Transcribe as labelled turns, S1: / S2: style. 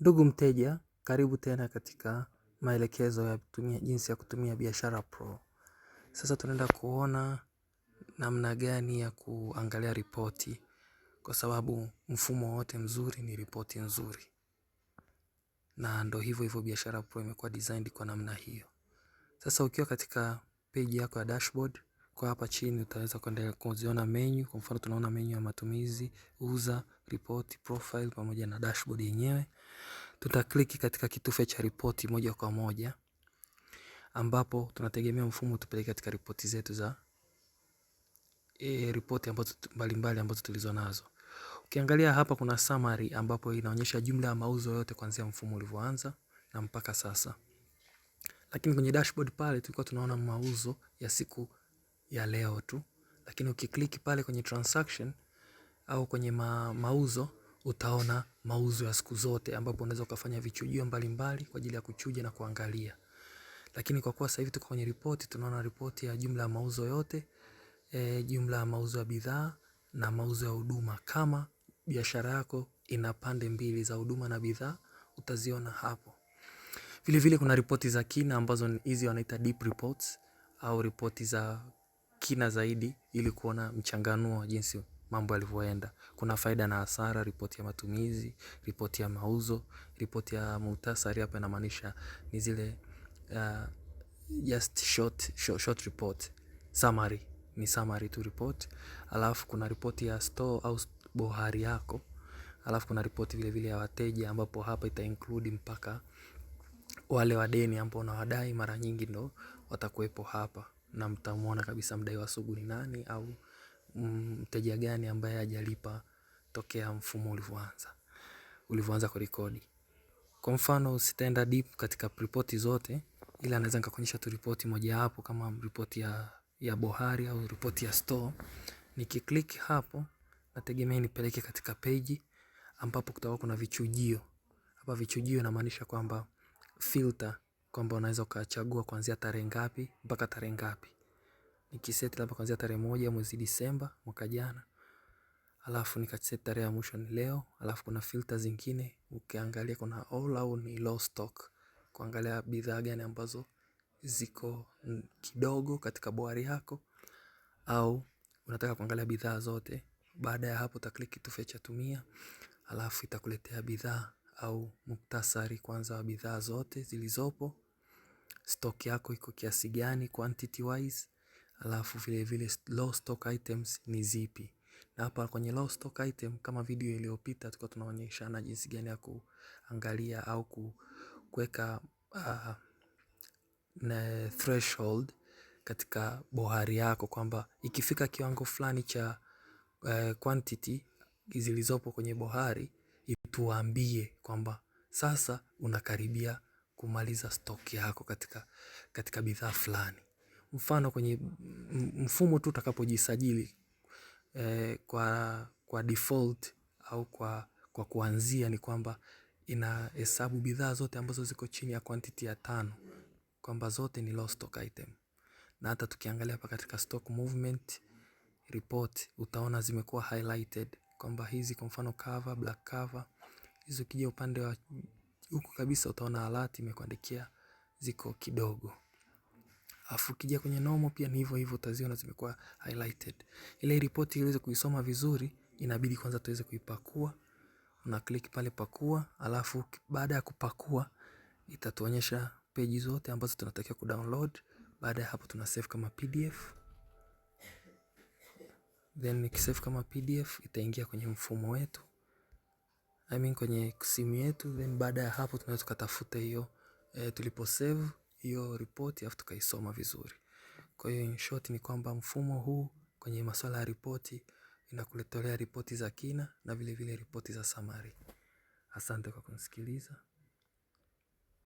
S1: Ndugu mteja, karibu tena katika maelekezo ya kutumia, jinsi ya kutumia biashara pro. Sasa tunaenda kuona namna gani ya kuangalia ripoti, kwa sababu mfumo wote mzuri ni ripoti nzuri, na ndo hivyo hivyo biashara pro imekuwa designed kwa namna hiyo. Sasa ukiwa katika page yako ya dashboard, kwa hapa chini utaweza kuendelea kuziona menu. Kwa mfano tunaona menu ya matumizi, uza, report, profile pamoja na dashboard yenyewe. Tutakliki katika kitufe cha ripoti moja kwa moja ambapo tunategemea mfumo utupeleke katika ripoti zetu za e, ripoti ambazo mbalimbali ambazo tulizo nazo. Ukiangalia hapa kuna summary ambapo inaonyesha jumla ya mauzo yote kuanzia mfumo ulivyoanza na mpaka sasa. Lakini kwenye dashboard pale tulikuwa tunaona mauzo ya siku ya leo tu, lakini ukiklik pale kwenye transaction au kwenye ma mauzo utaona mauzo ya siku zote, ambapo unaweza ukafanya vichujio mbalimbali kwa ajili ya kuchuja na kuangalia. Lakini kwa kuwa sasa hivi tuko kwenye ripoti, tunaona ripoti ya jumla ya mauzo yote e, jumla ya mauzo ya bidhaa na mauzo ya huduma. Kama biashara yako ina pande mbili za huduma na bidhaa, utaziona hapo. Vile vile kuna ripoti za kina ambazo hizi wanaita deep reports au ripoti za kina zaidi ili kuona mchanganuo wa jinsi mambo yalivyoenda. Kuna faida na hasara, ripoti ya matumizi, ripoti ya mauzo, ripoti ya muhtasari hapa inamaanisha ni zile uh, just short report, summary, ni summary tu report. Alafu kuna ripoti ya store au bohari yako. Alafu kuna ripoti vile vile ya wateja ambapo hapa ita include mpaka wale wadeni ambao unawadai mara nyingi ndo watakuwepo hapa na mtamwona kabisa mdaiwa sugu ni nani au mteja gani ambaye hajalipa tokea mfumo ulivyoanza ulivyoanza kurekodi. Kwa mfano sitaenda deep katika ripoti zote, ila naweza nikakuonyesha tu ripoti moja hapo kama ripoti ya, ya bohari au ripoti ya store. Nikiklik hapo nategemea nipeleke katika peji ambapo kutakuwa kuna vichujio. Hapa vichujio inamaanisha kwamba filter kwamba unaweza ukachagua kuanzia tarehe ngapi mpaka tarehe ngapi. Nikiseti labda kuanzia tarehe moja mwezi Disemba mwaka jana, alafu nikaseti tarehe ya mwisho ni leo, alafu kuna filter zingine ukiangalia, kuna all au ni low stock, kuangalia bidhaa gani ambazo ziko kidogo katika boari yako, au unataka kuangalia bidhaa zote. Baada ya hapo utaklik kitufe cha tumia, alafu itakuletea bidhaa au muktasari kwanza wa bidhaa zote zilizopo, stock yako iko kiasi gani quantity wise, alafu vile vile low stock items ni zipi. Na hapa kwenye low stock item, kama video iliyopita, tulikuwa tunaonyeshana jinsi gani ya kuangalia au kuweka uh, na threshold katika bohari yako kwamba ikifika kiwango fulani cha uh, quantity zilizopo kwenye bohari ituambie kwamba sasa unakaribia kumaliza stock yako katika, katika bidhaa fulani. Mfano kwenye mfumo tu utakapojisajili eh, kwa, kwa default au kwa, kwa kuanzia ni kwamba inahesabu bidhaa zote ambazo ziko chini ya quantity ya tano kwamba zote ni low stock item, na hata tukiangalia hapa katika stock movement report utaona zimekuwa highlighted kwamba hizi kwa mfano cover, black cover. Hizo ukija upande wa huku kabisa utaona alert imekuandikia ziko kidogo. Afu kija kwenye normal pia ni hivyo hivyo utaziona zimekuwa highlighted. Ile ripoti iweze kuisoma vizuri inabidi kwanza tuweze kuipakua. Una click pale pakua, alafu baada ya kupakua itatuonyesha peji zote ambazo tunatakiwa kudownload. Baada ya hapo tuna save kama PDF then nikisave kama pdf itaingia kwenye mfumo wetu I mean kwenye simu yetu, then baada ya hapo tunaweza tukatafuta hiyo e, tulipo save hiyo report afu tukaisoma vizuri. Kwa hiyo in short ni kwamba mfumo huu kwenye masuala ya ripoti inakuletolea ripoti za kina na vile vile ripoti za summary. Asante kwa kunisikiliza.